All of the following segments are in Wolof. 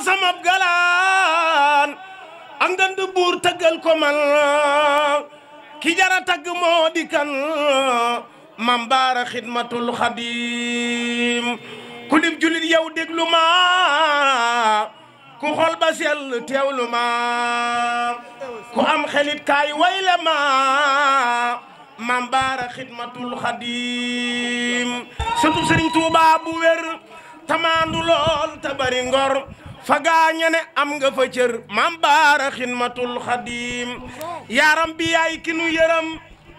samab galaan ak ngand buur tëggal ko man ki jara tagg moo di mam baara xidmatul xadim ku lib julit yow déglu ma ku xol ba sell teewlu ma ku am xelit kaay wayle ma mam baara xidmatul xadim surtout Serigne Touba bu wér tamaandu lool te fa gaaña ne am nga fa cër maam baara xidmatul xadiim yaaram bi yaay ki nu yërëm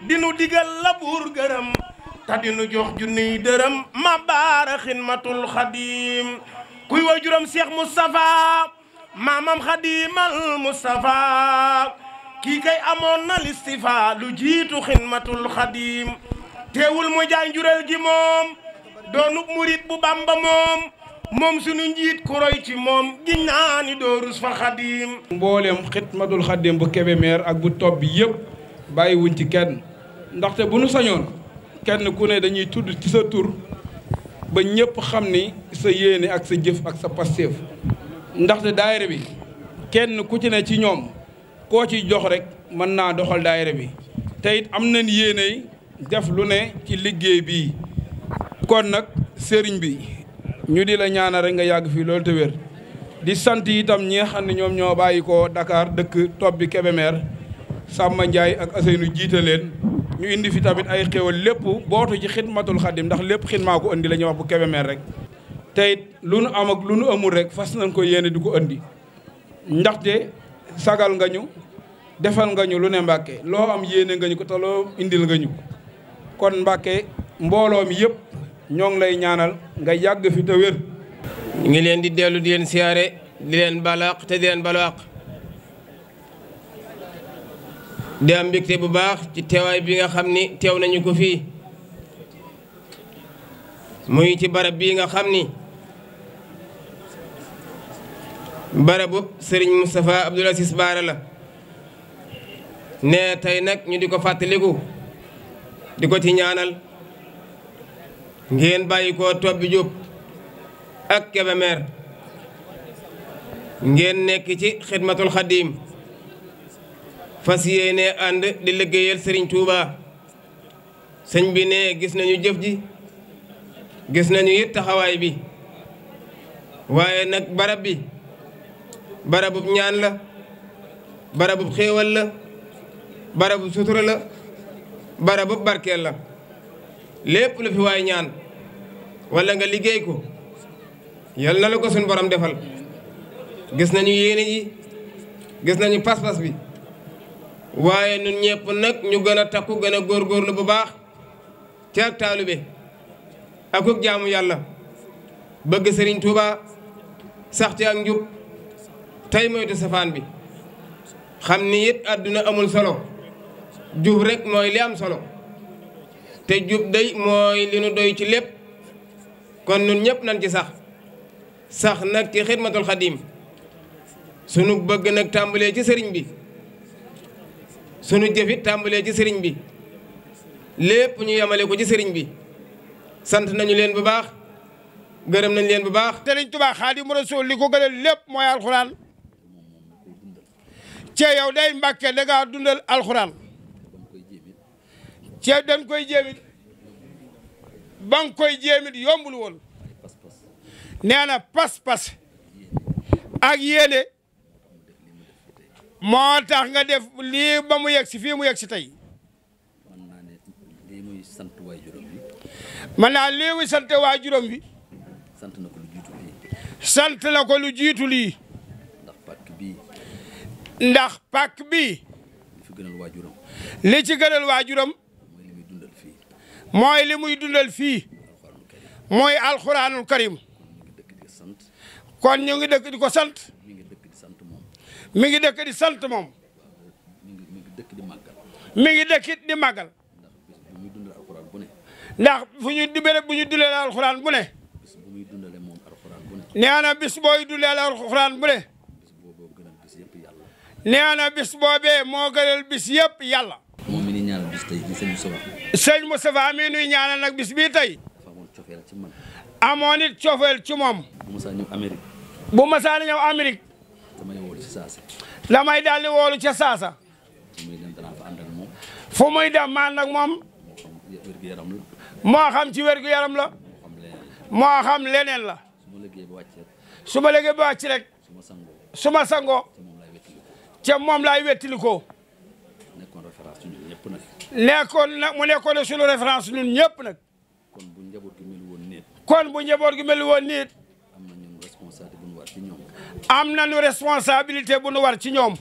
di nu digal la buur gërëm te di nu jox junniy dërëm maam baara xidmatul xadiim kuy waajuram seex Moustapha maamam xadiimal Moustapha kii kay amoon na listifa lu jiitu xidmatul xadiim teewul mu jaay njureel gi moom doonub murit bu bamba moom moom sunu njiit ku roy ci moom giñ naa ni doo rus fa xadim mbooleem xidmatul xadim bu Kébémer ak bu topp bi yëpp bàyyiwuñ ci kenn ndaxte bu nu sañoon kenn ku ne dañuy tudd ci sa tur ba ñëpp xam ni sa yéene ak sa jëf ak sa pasteef ndaxte daayira bi kenn ku ci ne ci ñoom koo ci jox rek mën naa doxal daayira bi te it am nañ yéeney def lu ne ci liggéey bi kon nag sëriñ bi ñu di la ñaanal rek nga yàgg fii loolu te di sant itam ñi nga xam ne ñoom ñoo bàyyi ko Dakar dëkk topp bi Kébémer Samba Ndiaye ak Aseynu jiite leen ñu indi fi tamit ay xéwal lépp bootu ci xidmatul xadim ndax lépp xidmaa ko indi la wax bu Kébémer rek teyit lu nu am ak lu nu amul rek fas nañ ko yéene di ko indi ndaxte sagal nga ñu defal nga ñu lu ne Mbàkke loo am yéene nga ñu ko te loo indil nga ñu kon Mbàkke mbooloo mi yëpp ñoo ngi lay ñaanal nga yàgg fi te wér. ngi leen di dellu di leen siyaare di leen balaax te di leen balaax di am mbégte bu baax ci teewaay bi nga xam ni teew nañu ko fii muy ci barab bii nga xam ni barabu sëriñ Moustapha Abdoul Aziz Baara la ne tey nag ñu di ko fàttaliku di ko ci ñaanal. ngeen bàyyi ko Tobbi Diop ak Kébémer ngeen nekk ci xidmatul xadiim fas yéene ànd di liggéeyal Serigne Touba sëñ bi ne gis nañu jëf ji gis nañu it taxawaay bi waaye nag barab bi barabub ñaan la barabub xéewal la barabub sutura la barabub barkeel la lépp lu fi waay ñaan wala nga liggéey ko yal na la ko suñu borom defal gis nañu yéene ji gis nañu pas-pas bi waaye ñun ñëpp nag ñu gën a takku gën a góorgóorlu bu baax ci ak taalube ak ak jaamu yàlla bëgg sëriñ Tuuba sax ci ak njub tey moytu safaan bi xam ni it àdduna amul solo jub rek mooy li am solo te jub day mooy li nu doy ci lépp kon nun ñëpp nan ci sax sax nag ci xidmatul xadim sunu bëgg tàmbalee ci sëriñ bi sunu jëfit tàmbalee ci sëriñ bi lépp ñu yemale ko ci sëriñ bi sant nañu leen bu baax gërëm nañu leen bu baax sëriñ Tuubaa Xaadimu Rasuul li ko gënal lépp mooy alxuraan ci yow day Mbàkke da ngaa dundal alxuraan ceeb dañ koy jéemit ba koy jéemit yombul woon nee na pas-pas ak yéene moo tax nga def lii ba mu yegg si fii mu yegg si tey man naa lii muy sant waa juróom sant na ko lu jiitu lii sant na ko lu jiitu lii ndax pak bii ndax pàkk bii li ci gënal waajuram li ci gënal waajuram mooy li muy dundal fii mooy alxuraanul karim kon ñu ngi dëkk di ko sant mi ngi dëkk di sant moom mi ngi dëkk di sant moom ngi dëkk di màggal mi ngi dëkkit di màggal ndax fu ñu di béréb bu ñu dundalee alxuraan bu ne nee na bis booy dundalee alxuraan boobee moo gënal bis yëpp yàlla moom mi ni sëñ Moustapha mii nuy ñaanal nag bis bii tey. amoon ci moom. bu masaa ñëw Amérique. bu masaa ñëw Amérique. woolu ci saasa. damay fu muy dem maan moom. moo xam ci wérgu yaram la. moo xam leneen la. su ma liggéey ba wàcc rek. su ma sangoo. ca moom laay ko nekkoon nag mu nekkoon ne suñu référence ñun ñëpp nag. kon bu njaboot gi mel woon nit. kon bu njaboot gi mel woon nit. am na ñun bu nu war ci ñoom. am responsabilité bu nu war ci ñoom.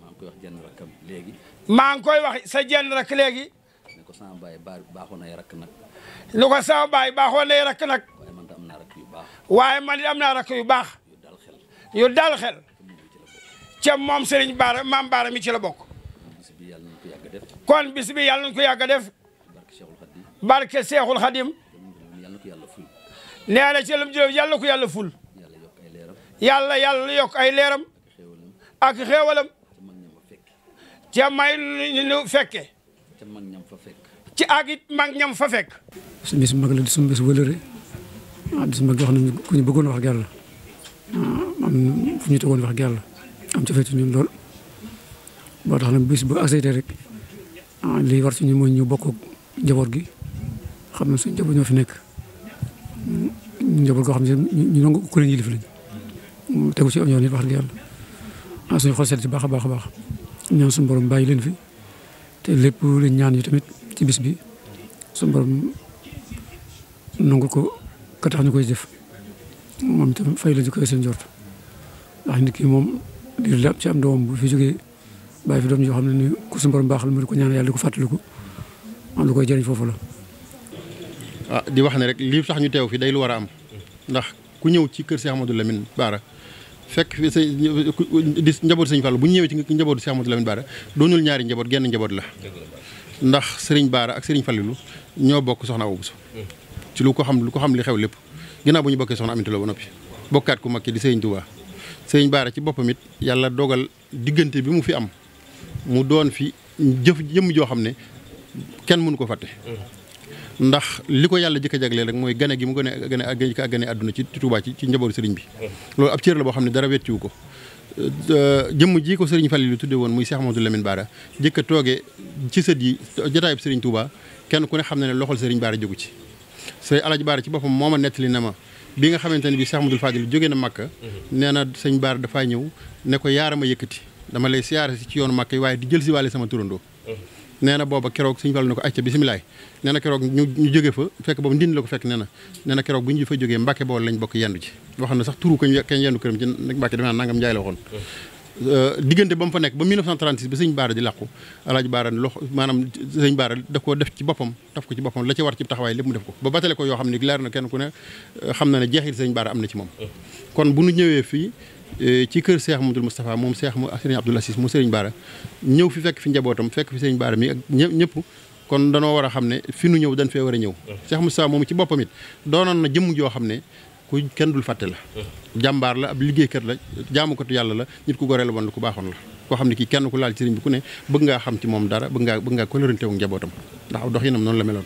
maa ngi koy wax jenn rakam léegi. maa ngi koy wax sa jenn rak léegi. ne ko sama baay baaxoon ay rakk nag. lu ko sa baay baaxoon ay rakk nag. waaye man am naa rakk yu baax. waaye man am naa rakk yu baax. yu dal xel. yu dal xel. ca moom Serigne maam Baara mi ci la bokk. kon bis bi yàlla nañ ko yàgg a def barke Seexul Xadim nee na ci lu mu jëf yàlla ko yàlla ful yàlla yàlla yokk ay leeram ak xéewalam ca may nu fekke ci ak it mag ñam fa fekk suñu bis mag la di suñu bis wëlëre ah bis mag yoo xam ne ku ñu bëggoon wax ak yàlla ah, am fu ñu tegoon wax ak yàlla am ci feetu ñun lool boo tax nag bis bu accepté Ah, lii war suñu mooy ñu bokk njaboot gi xam ne suñu njaboot ñoo fi nekk mm, njaboot goo xam ne ñu nangu ku leen yilif lañ mm, tegu ci yoon nit wax ah, suñu xol seet baax a baax a baax ñaan suñu borom bàyyi leen fi te lépp leen ñaan yi tamit ci bis bi suñu borom nangu ko ka ñu koy jëf moom itam fay la ñu koy seen jort ndax nit ki moom lii la ci am doom bu fi jógee bàyyi fi doom yoo xam ne ni ku suñu borom baaxal mu di ko ñaan yàlla di ko fàttaliku am lu koy jëriñ foofu la. ah di wax ne rek lii sax ñu teew fi day lu war a am ndax ku ñëw ci kër Cheikh Amadou Lamine Bara fekk fi sa di njaboot sëñ Fallou bu ñëwee ci njabootu Cheikh Amadou Lamine Bara doonul ñaari njaboot genn njaboot la ndax sëriñ Bara ak sëriñ Fallou ñoo bokk soxna Awa Bousso ci lu ko xam lu ko xam li xew lépp ginnaaw bu ñu bokkee soxna Aminta Lo ba noppi bokkaat ku mag ki di sëriñ Touba sëriñ Bara ci boppam it yàlla dogal diggante bi mu fi am mu doon fi jëf jëmm joo xam ne kenn mënu ko fàtte. Mm-hmm. ndax li ko yàlla jëkk a jagleel rek mooy gane gi mu gane gane a gane àdduna ci Tuubaa ci ci njabootu sëriñ bi. Mm-hmm. loolu ab cër la boo xam ne dara wettiwu ko. Euh, jëm ji ko sëriñ lu tudde woon muy Cheikh Amadou Lamine Bara jëkk tooge toogee ci sët yi jotaayub sëriñ Touba kenn ku ne xam na ne loxol sëriñ Bara jógu ci. sëriñ Alaaji Bara ci boppam moo ma nettali na ma bi nga xamante ne bii Cheikh Amadou Fadil jóge na Makka. Mm-hmm. nee na sëñ Bara dafaa ñëw ne ko yaara ma yëkkati. dama lay siyaare si ci yoonu màkk yi waaye di jël si waale sama turandoo mm-hmm. nee na booba keroog suñu fàllu na ko acca bisimilaay nee na keroog ñu ñu jóge fa fekk boobu ndin la ko fekk nee na nee na keroog bu ñu jógee mbàkke bokk yendu ci waxoon na sax turu ko kañ yendu këram ci mbàkke dafa naa nangam mm-hmm. euh, ba mu fa nekk ba 1936 ba sëñ Baara di làqu alaaj Baara loxo maanaam sëñ Baara da koo def ci boppam taf ko ci boppam la ci war ci taxawaay lépp mu def ko ba batale ko yoo xam ne leer na kenn ku ne euh, xam na ne jeexit sëñ Baara am na ci moom mm-hmm. kon fii Eh, ci kër seex mu Mamadou Moustapha moom Cheikh mu Serigne Abdoul Aziz mu Serigne Bara ñëw fi fekk fi njabootam fekk fi Serigne Bara mi ak ñëpp kon danoo war a xam ne fi nu ñëw dañ fee war a ñëw uh-huh. Cheikh Moustapha moom ci boppam it doonoon na jëmm joo xam ne ku kenn dul fàtte la uh-huh. jàmbaar la ab liggéeykat la jaamukatu yàlla la nit ku goree woon lu ku koo xam ne kii kenn ku laal sëriñ bi ne bëgg ngaa xam ci moom dara bëgg ngaa bëgg ngaa kolorante wu njabootam ndax doxinam noonu la meloon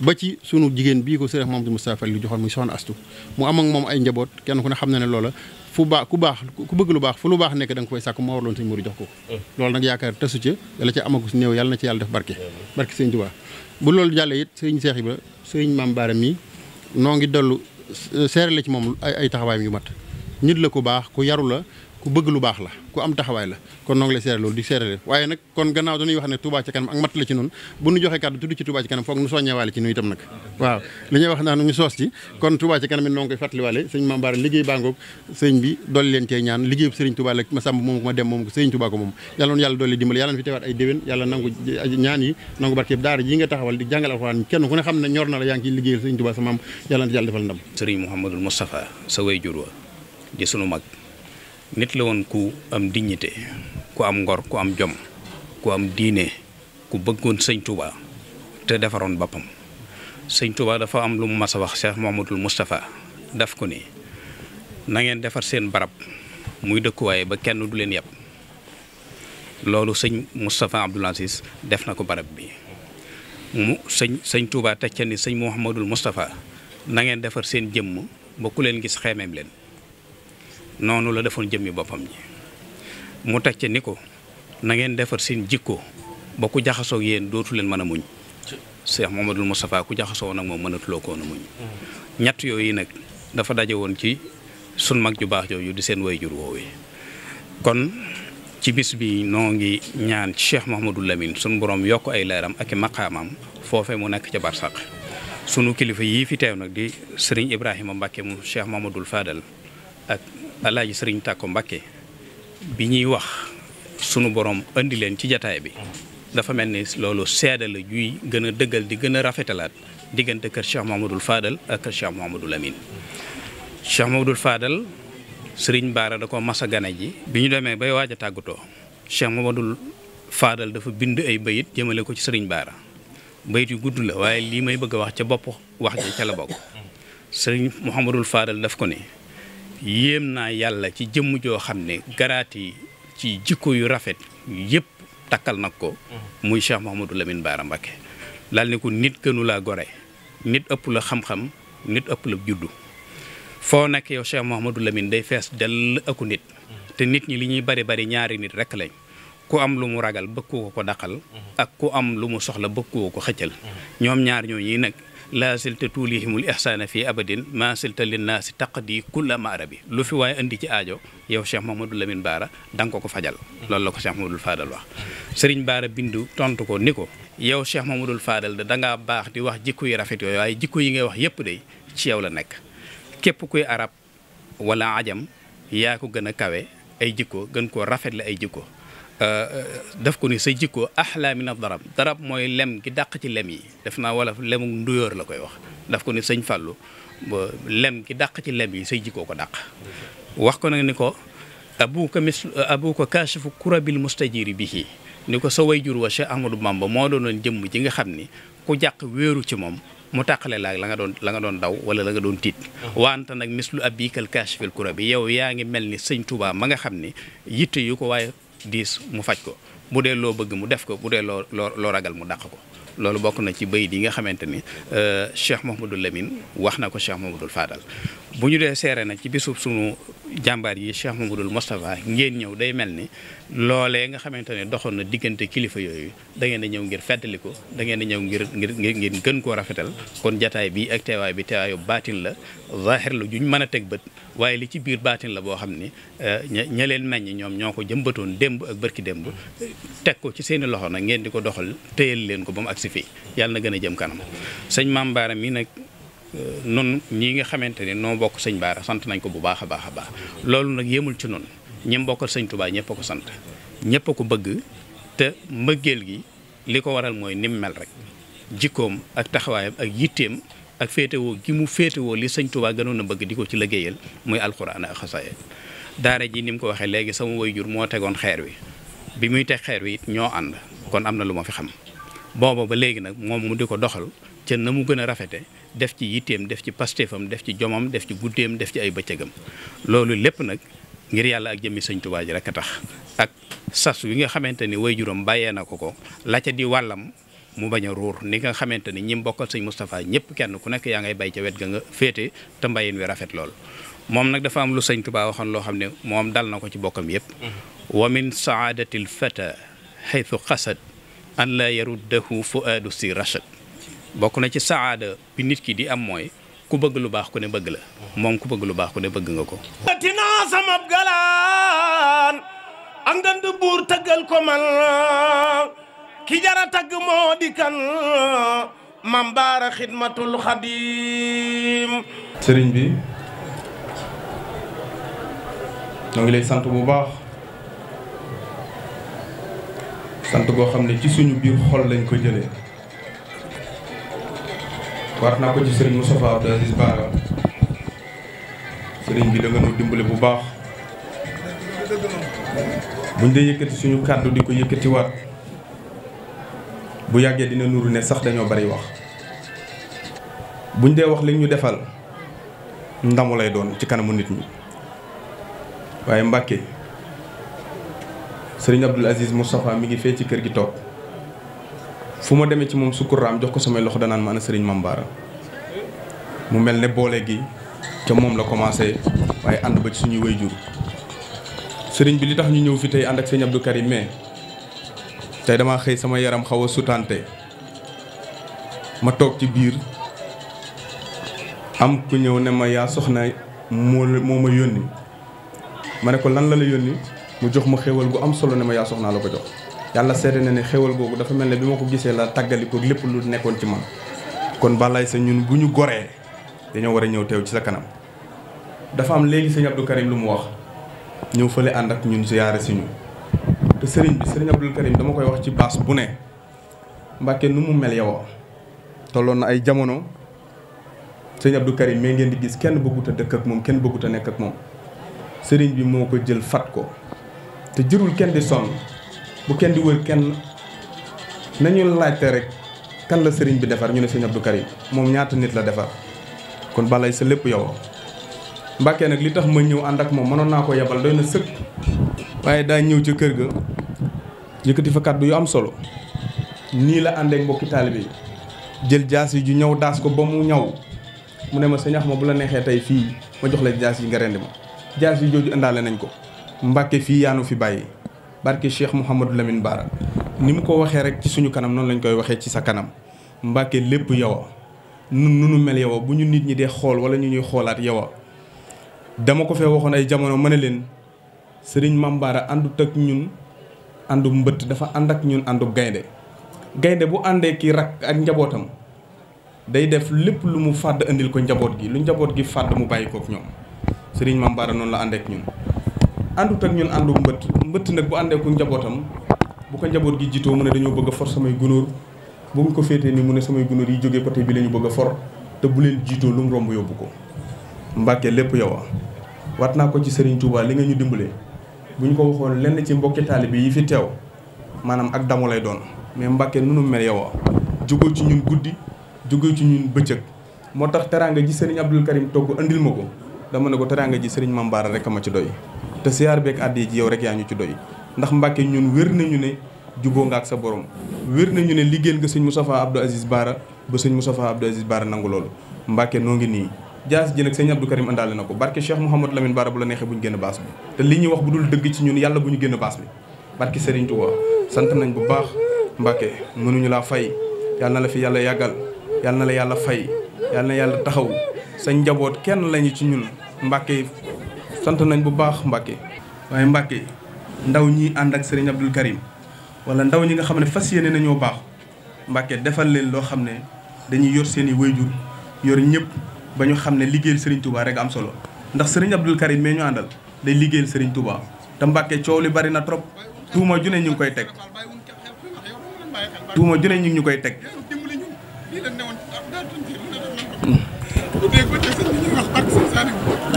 ba ci sunu jigéen bii ko moom Serigne Mamadou Moustapha li joxoon muy soxna astu mu am ak moom ay njaboot kenn ku ne xam na ne loola fu baax ku baax ku bëgg lu baax fu lu baax nekk da nga koy sàkk moo warloon sëñ Mourou jox ko mm. loolu nag yaakaar tasu ca yàlla ca amagu si néew yàlla na ci yàlla def barke barke sëñ Tuubaa bu loolu jàllee it sëñ Seex Ibra sëñ Maam Baara mii noo ngi dellu seere la ci moom ay ay taxawaayam yu mat nit la ko baax ku yaru la ku bëgg lu baax la ku am taxawaay la kon noo ngi lay seere loolu di seerale waaye nag kon gannaaw dañuy wax ne Touba ci kanam ak matt la ci noonu bu nu joxee kàddu tudd ci Touba ci kanam foog nu soññewaale ci nu itam nag waaw li ñuy ngi liggéey bàngoog leen cee ñaan liggéey ne xam ne ñor na la yaa defal ndam sëriñ Mouhamadou Moustapha sa way wa di sunu mag nit la woon ku am dignité ku am ngor ku am jom ku am diine ku bëggoon sëñ Touba te defaroon boppam sëñ Touba dafa am lu mu mas a wax Cheikh Mouhamadoul mustafaa daf ko ni na ngeen defar seen barab muy dëkkuwaay ba kenn du leen yàpp loolu sëñ Moustapha Abdoul Aziz def na ko barab bi mu sëñ sëñ Touba teg ca ni sëñ Mouhamadoul Moustapha na ngeen defar seen jëmm ba ku leen gis xeemeem leen. noonu la defoon jëmmi boppam ji mu teg ci ni ko na ngeen defar seen jikko ba ku jaxasoo yéen dootu leen mën a muñ Cheikh Mouhamadoul Moustapha ku jaxasoo nag moom mënatuloo koon a muñ ñett yooyu nag dafa daje woon ci sun mag ju baax jooju di seen way jur woowee kon ci bis bi noo ngi ñaan Cheikh Mouhamadou Lamine sun borom yokk ay leeram ak i maqaamam foofe mu nekk ca barsàq sunu kilifa yii fi teew nag di sëriñ Ibrahima Mbacke mu Cheikh Mouhamadoul Fadal ak alaaji sëriñ Tàkko Mbàkke bi ñuy wax sunu boroom indi leen ci jataay bi dafa mel ni loolu seede la juy gën a dëggal di gën a rafetalaat diggante kër Cheikh Mouhamadoul faadal ak kër Cheikh Mouhamadoul Amine Cheikh Mouhamadoul Fadal sëriñ Baara da ko mas gana ji bi ñu demee bay waaj a tàggatoo Cheikh Mouhamadoul Fadal dafa bind ay bayit jëmale ko ci sëriñ Baara bayit yu gudd la waaye lii may bëgg a wax ca bopp wax ji ca la bokk sëriñ Mouhamadoul Fadal yéem naa yàlla ci jëmm joo xam ne garaati ci jikko yu rafet yëpp takkal nag ko muy Cheikh Mouhamadou Lamine Bara Mbacké daal ne ko nit gënu laa gore nit ëpp la xam-xam nit ëpp la juddu foo nekk yow Cheikh Mouhamadou Lamine day fees dell aku nit te nit ñi li ñuy bari bari ñaari nit rek lañ ku am lu mu ragal bëgg ko ko mm-hmm. ak ku am lu mu soxla bëgg ko ko mm-hmm. ñoom ñaar ñoo ñi nag laa silta tuulihimul ihsaana fii abadin maa silta linnaasi taqdi kulla bi lu fi waaye indi ci aajo yow Cheikh Mamadou Lamine du da baara ko ko fajal loolu la ko seex Cheikh Mamadou faadal wax sëriñ Baara bindu tontu ko ni ko yow Cheikh Mamadou faadal da dangaa baax di wax jikko yi rafet yooyu waaye jikko yi ngay wax yépp day ci yow la nekk képp kuy arab wala ajam yaa ko gën a kawe ay jikko gën koo rafet la ay jikko Euh, daf ko ni sa jikko axlaa min ad darab darab mooy lem ki dàq ci lem yi def naa wala lemu nduyóor la koy wax def ko ni sëñ Fallou lem ki dàq ci lem yi say jikkoo ko dàq wax ko nag ni ko abuka mis abuka kaashifu kurabil mustajiri bihi ni ko sa wayjur wa Cheikh Ahmadou Bamba moo doonoon jëmm ji nga xam ni ku jàq wéeru ci moom mu tàqale laag la nga doon la nga doon daw wala la nga doon tiit wante nag mislu abikal kaashifil kurabi yow yaa ngi mel ni sëñ Touba ma nga xam ni yitte yu ko waaye diis mu faj ko bu dee loo bëgg mu def ko bu dee loo loo loo ragal mu dàq ko loolu bokk na ci bayit di nga xamante ni euh, Cheikh Mouhamadul Lamine wax na ko Cheikh Mouhamadul Fadal bu ñu dee seere nag ci bisub sunu jàmbaar yi Cheikh Mamadou Moustapha ngeen ñëw day mel ni loolee nga xamante ne doxoon na diggante kilifa yooyu da ngeen di ñëw ngir feddali ko dangeen ngeen di ñëw ngir ngir ngir gën koo rafetal kon jataay bi ak teewaay bi teewaayu baatin la zaahir ju ñu mën a teg bët waaye li ci biir baatin la boo xam ni eh, ña leen ñi ñoom ñoo ko jëmbatoon démb ak bërki démb teg ko ci seeni loxo nag ngeen di ko doxal téyal leen ko ba mu agsi fii yàlla gën a jëm kanam Euh, nun ñi nga xamante ni noo bokk sëñ Baara sant nañ ko bu baax a baax a baax loolu nag yemul ci noonu ñim bokkal sañ Touba ñëpp a ko sant ñëpp a ko bëgg te mbëggeel gi li ko waral mooy nim mel rek jikkoom ak taxawaayam ak yitteem ak féetewoo gi mu féetewoo li sëñ Touba gënoon bëgg di ko ci liggéeyal muy alxuraan ak xasaayid daara ji ni mu ko waxee léegi sama jur moo tegoon xeer wi bi muy teg xeer wi ñoo ànd kon am na lu ma fi xam booba ba léegi ca na mu gën a rafete def ci yitteem def ci pastéefam def ci jomam def ci guddeem def ci ay bëccëgam loolu lépp nag ngir yàlla ak jëmmi sëñ Tuubaa ji rek a tax ak sas wi nga xamante ni way juróom bàyyee na ko ko la ca di wàllam mu bañ a ruur ni nga xamante ni ñi mbokkal sëñ Moustapha ñëpp kenn ku nekk yaa ngay bay ca wet ga nga féete te mbayin wi rafet lool moom nag dafa am lu sëñ Tuubaa waxoon loo xam ne moom dal na ko ci bokkam yëpp mm-hmm. wa min saadatil fata xaytu xasad an si rachad bokk na ci saada bi nit ki di am mooy ku bëgg lu baax ku ne bëgg la moom ku bëgg lu baax ku ne bëgg nga ko tinaa samab galaan ak ngënd buur tëggal ko man ki jara tagg moo di kan baara xidmatul xadim sëriñ bi ñoo ngi lay sant bu baax sant goo xam ne ci suñu biir xol lañ ko jëlee wax naa ko ci sëriñ Moustapha Abdou Aziz Bara sëriñ bi da nga nu dimbale bu baax buñ dee yëkkati suñu kàddu di ko yëkkatiwaat bu yàggee dina nuru ne sax dañoo bari wax buñ dee wax li ñu defal ndamu lay doon ci kanamu nit ñi waaye Mbàkke sëriñ Abdou Aziz Moustapha mi ngi fee ci kër gi toog fu ma demee ci moom sukkuraam jox ko samay loxo danaan ma ana sëriñ Mame Bara mu mel ne boole gi ca moom la commencé waaye ànd ba ci suñuy wayjur sëriñ bi li tax ñu ñëw fi tey ànd ak sëñ Abdou Karim mais tey dama xëy sama yaram xaw a sutante ma toog ci biir am ku ñëw ne ma yaa soxna moo moo ma yónni ma ne ko lan la la yónni mu jox ma xéewal gu am solo ne ma yaa soxnaa la ko jox yàlla seede na ne xéwal googu dafa mel ne bi ma ko gisee la tàggalikoo lépp lu nekkoon ci man kon Balaye sa ñun bu ñu goree dañoo war a ñëw teew ci sa kanam dafa am léegi sëñ Abdou Karim lu mu wax ñëw fële ànd ak ñun ziyaare si ñu te sëriñ bi sëriñ Abdou Karim dama koy wax ci baas bu ne Mbàkke nu mu mel yow tolloon na ay jamono sëñ Abdou Karim mais ngeen di gis kenn bëggut a dëkk ak moom kenn bëggut a nekk ak moom sëriñ bi moo ko jël fat ko te jërul kenn di sonn. bu kenn di wër kenn nañu laajte rek kan la sëriñ bi defar ñu ne sëñ Abdou Karim moom ñaata nit la defar kon balay sa lépp yow Mbàkke nag li tax ma ñëw ànd ak moom mënoon naa ko yebal doy na sëkk waaye daa ñëw ci kër ga yëkkati fa kàddu yu am solo nii la àndeek mbokki taalibe yi jël jaas yi ju ñëw daas ko ba mu ñaw mu ne ma sëñ ma bu la neexee tey fii ma jox la jaas yi nga rendi ma jaas yi jooju indaale nañ ko Mbàkke fii yaanu fi bàyyi barke Cheikh Mouhamadou Lamine Bara ni mu ko waxee rek ci suñu kanam noonu lañu koy waxee ci sa kanam Mbàkke lépp yow nun nunu mel yow bu ñu nit ñi dee xool wala ñu ñuy xoolaat yow dama ko fee waxoon ay jamono ma ne leen sëriñ Mame Bara àndut ak ñun àndu mbëtt dafa ànd ak ñun àndu gaynde gaynde bu àndee kii rak ak njabootam day def lépp lu mu fàdd indil ko njaboot gi lu njaboot gi fàdd mu bàyyi kook ñoom sëriñ Mame Bara noonu la ànd ak ñun àndut ak ñun àndu mbëtt mbëtt nag bu àndee ku njabootam bu ko njaboot gi jiitoo mu ne dañoo bëgg a for samay gunóor bu mu ko féetee ni mu ne samay gunóor yi jógee côté bi la ñu bëgg a for te bu leen jiitoo lu mu romb yóbbu ko Mbàkke lépp yow wat naa ko ci Serigne Touba li nga ñu dimbalee bu ñu ko waxoon lenn ci mbokki taalibe yi fi teew maanaam ak damu lay doon mais Mbàkke nunu mel yow a ci ñun guddi jóge ci ñun bëccëg moo tax teraanga ji Serigne Abdoul Karim togg andil ma ko dama ne ko teraanga ji Serigne Mambara rek a ci doy te siyaar beeg àddi yi ci yow rek yaa ñu ci doy ndax Mbàkke ñun wér nañu ne juboo nga ak sa borom wér nañu ne liggéeyal nga sëñ Moustapha Abdou Aziz Bara ba sëñ Moustapha Abdou Aziz Bara nangu loolu Mbàkke noo ngi nii jaas ji nag sëñ Abdou Karim àndaale na ko barke Cheikh Mouhamadou Lamine Bara bu la neexee bu ñu génn baas bi te li ñuy wax bu dul dëgg ci ñun yàlla bu ñu génn baas bi barke Serigne Touba sant nañ bu baax Mbàkke mënuñu laa fay yàlla na la fi yàlla yàggal yàlla na la yàlla fay yàlla na yàlla taxaw sa njaboot kenn lañu ci ñun Mbàkke sant nañ bu baax Mbacke. waaye Mbacke ndaw ñi ànd ak Serigne Abdou Karim wala ndaw ñi nga xam ne fas yéene nañoo baax Mbacke defal leen loo xam ne dañuy yor seen i wayjur yor ñëpp ba ñu xam ne liggéeyal Serigne Touba rek am solo ndax Serigne Abdou Karim mee ñu àndal day liggéeyal sëriñ Touba te Mbacke coow li bari na trop tuuma junne ñu ngi koy teg tuuma junne ñu ngi ñu koy teg.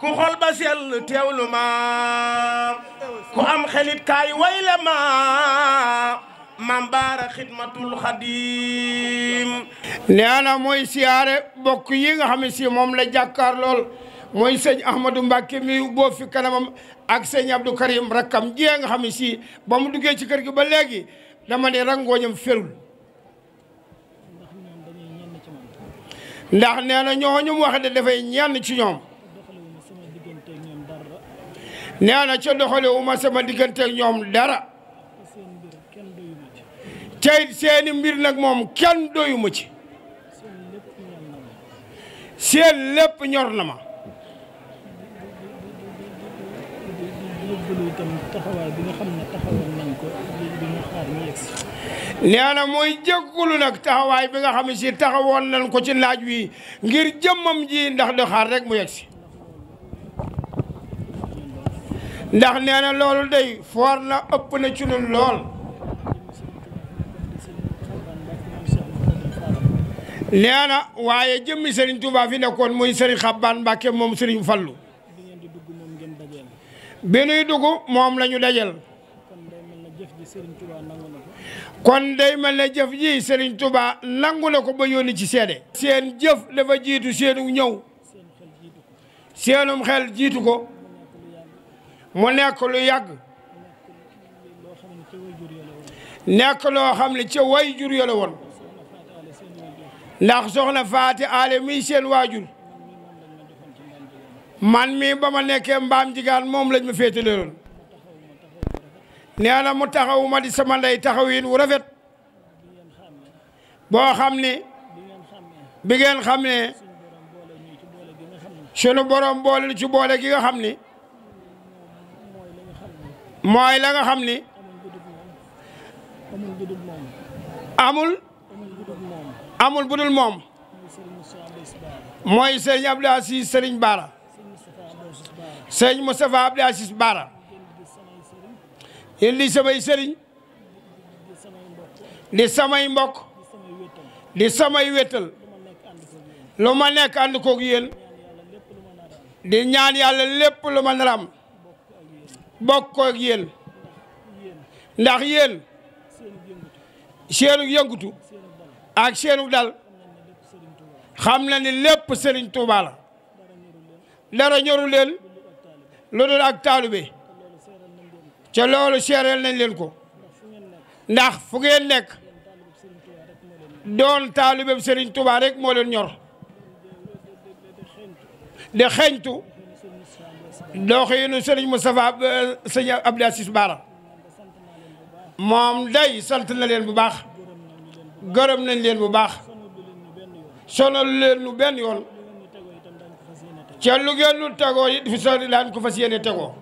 ku xol ba sell teewlu ma ku am xelit kaay wayla ma maam baara xidmatul xadim nee mooy siyaare bokk yi nga xam ne moom la jàkkaar lool mooy sëñ Ahmadou Mbacke mi boo fi kanamam ak sëñ Abdou Karim rakkam jee nga xam ne si ba mu duggee ci kër gi ba léegi dama ne rangooñam ferul ndax nee na ñooñu mu wax de dafay ci ñoom nee ca doxalewu ma sama diggante ñoom dara tey seeni mbir nag moom kenn doyu ci seen lépp ñor na ma nee na mooy jéggulu nag taxawaay bi nga xam ne si taxawoon nañ ko ci laaj wi ngir jëmmam ji ndax do xaar rek mu yegsi ndax nee na loolu day foor na ëpp na ci nun lool nee na waaye jëmmi Serigne Touba fi nekkoon muy Serigne Xabbaan Mbàkke moom Serigne Fallu bi nuy dugg moom lañu dajal kon day mel ne jëf ji Serigne Touba nangu na ko ba yónni ci seede seen jëf dafa jiitu seenu ñëw seenum xel jiitu ko mu nekk lu yàgg nekk loo xam ne ca way jur ya la woon ndax soxna faati aale mi seen waajur man mi ba ma nekkee mbaam jigaan moom lañ ma féetale loon nee na mu taxaw ma di sama ndey taxaw yin wu rafet boo xam ne bi ngeen xam ne sunu borom boole ci boole gi nga xam ni mooy la nga xam ni amul budul moom amul amul budul moom mooy sëriñ Abdou Aziz sëriñ Baara sëriñ Moustapha Abdou Aziz Baara yéen di samay sëriñ di samay mbokk di samay wéttal lu ma nekk ànd koog yéen di ñaan yàlla lépp lu ma naram bokk ak yéen ndax yéen seenu yëngutu ak seenu dal xam na ni lépp Serigne Touba la dara ñoru leen lu dul ak taalibe ca loolu seereel nañ leen ko ndax fu ngeen nekk doon taalibe Serigne Touba rekk moo leen ñor de xeñtu doxinu sëriñ Moustapha euh, sëñ Abdou Aziz Bara moom day sant na leen bu baax gërëm nañ leen bu baax sonal leen nu benn yoon ca lu ngeen nu tegoo it fi sori daan ko fas yéene tegoo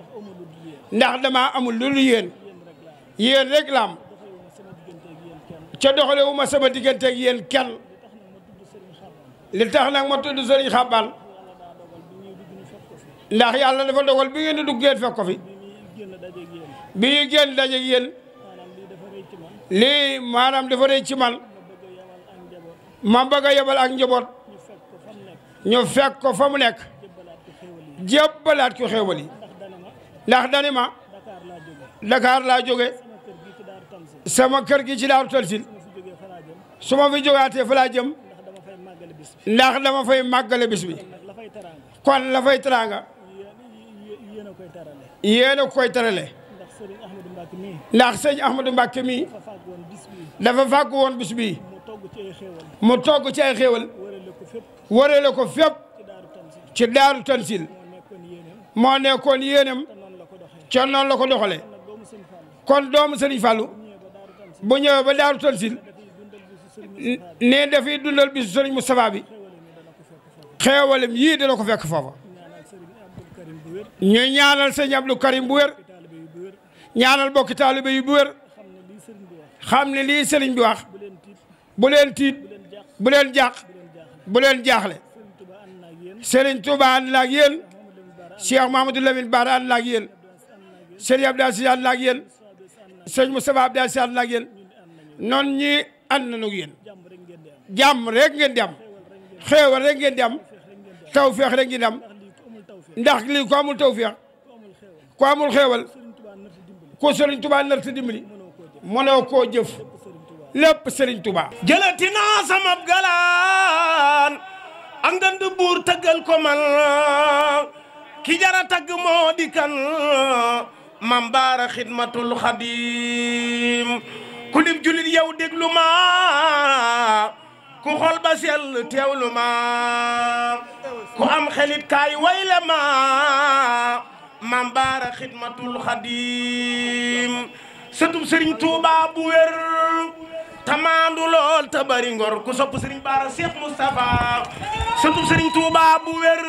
ndax dama amul lu lu yéen yéen rek laam ca doxale wu ma sama digganteeg yeen kenn li tax nag ma tudd sëriñ Xabal ndax yàlla dafa dogal bi ngeen di dugg ngeen fekk ko fi bi gén génn dajeeg yéen lii maanaam dafa rëy ci man ma bëgg a ak njaboot ñu fekk ko fa mu nekk jébbalaat ko xéewal yi ndax dani ma Dakar laa jóge sama kër gi ci daaru talsil su ma fi jógaatee falaa laa jëm ndax dama fay màggale bis bi kon la fay teraanga yéen koy tarale. yéen koy tarale. ndax sëriñ Ahmadou Mbacke mii. ndax sëriñ mii. dafa fàgg woon bis bii. dafa fàgg woon bis mu togg ci ay xéewal. mu togg ko fépp. wareele ko fépp. ci daaru Tansil. moo nekkoon yéenam. ca noonu la ko doxalee. kon doomu sëriñ Fallou. bu ñëwee ba daaru Tansil. ne dafay dundal bisu sëriñ Moustapha bi. xéewalam yii dana ko fekk foofa. ñuy ñaanal sëñ Abdou Karim bu wér ñaanal bokki taalibe yu bu wér xam ne lii sëriñ bi wax bu leen tiit bu leen jàq bu leen jaaxle sëriñ Touba ànd na ak yéen Cheikh Mahamadou Lamine Bara ànd na ak yéen sëriñ Abdou Aziz ànd na ak yéen sëriñ Moustapha Abdou rek ngeen di am xéewal rek ngeen di am tawfeex rek ngeen di am ndax lii ku amul tawfeex ku ku Serigne nar ta dimbali mënoo koo jëf lépp Serigne Touba. jëlati naa sama galaan ak ngand ko man ki jara tagg moo di kan baara xidmatul xadim ku dib julit yow déglu ma ku xol ba sell teewlu ma ku am xelit kaay wayla ma maam baara xidmatul xadim sëtub sëriñ Tuuba bu wér tamaandu lool te bari ngor ku sopp sëriñ baara Cheikh Moustapha sëtub sëriñ Tuuba bu wér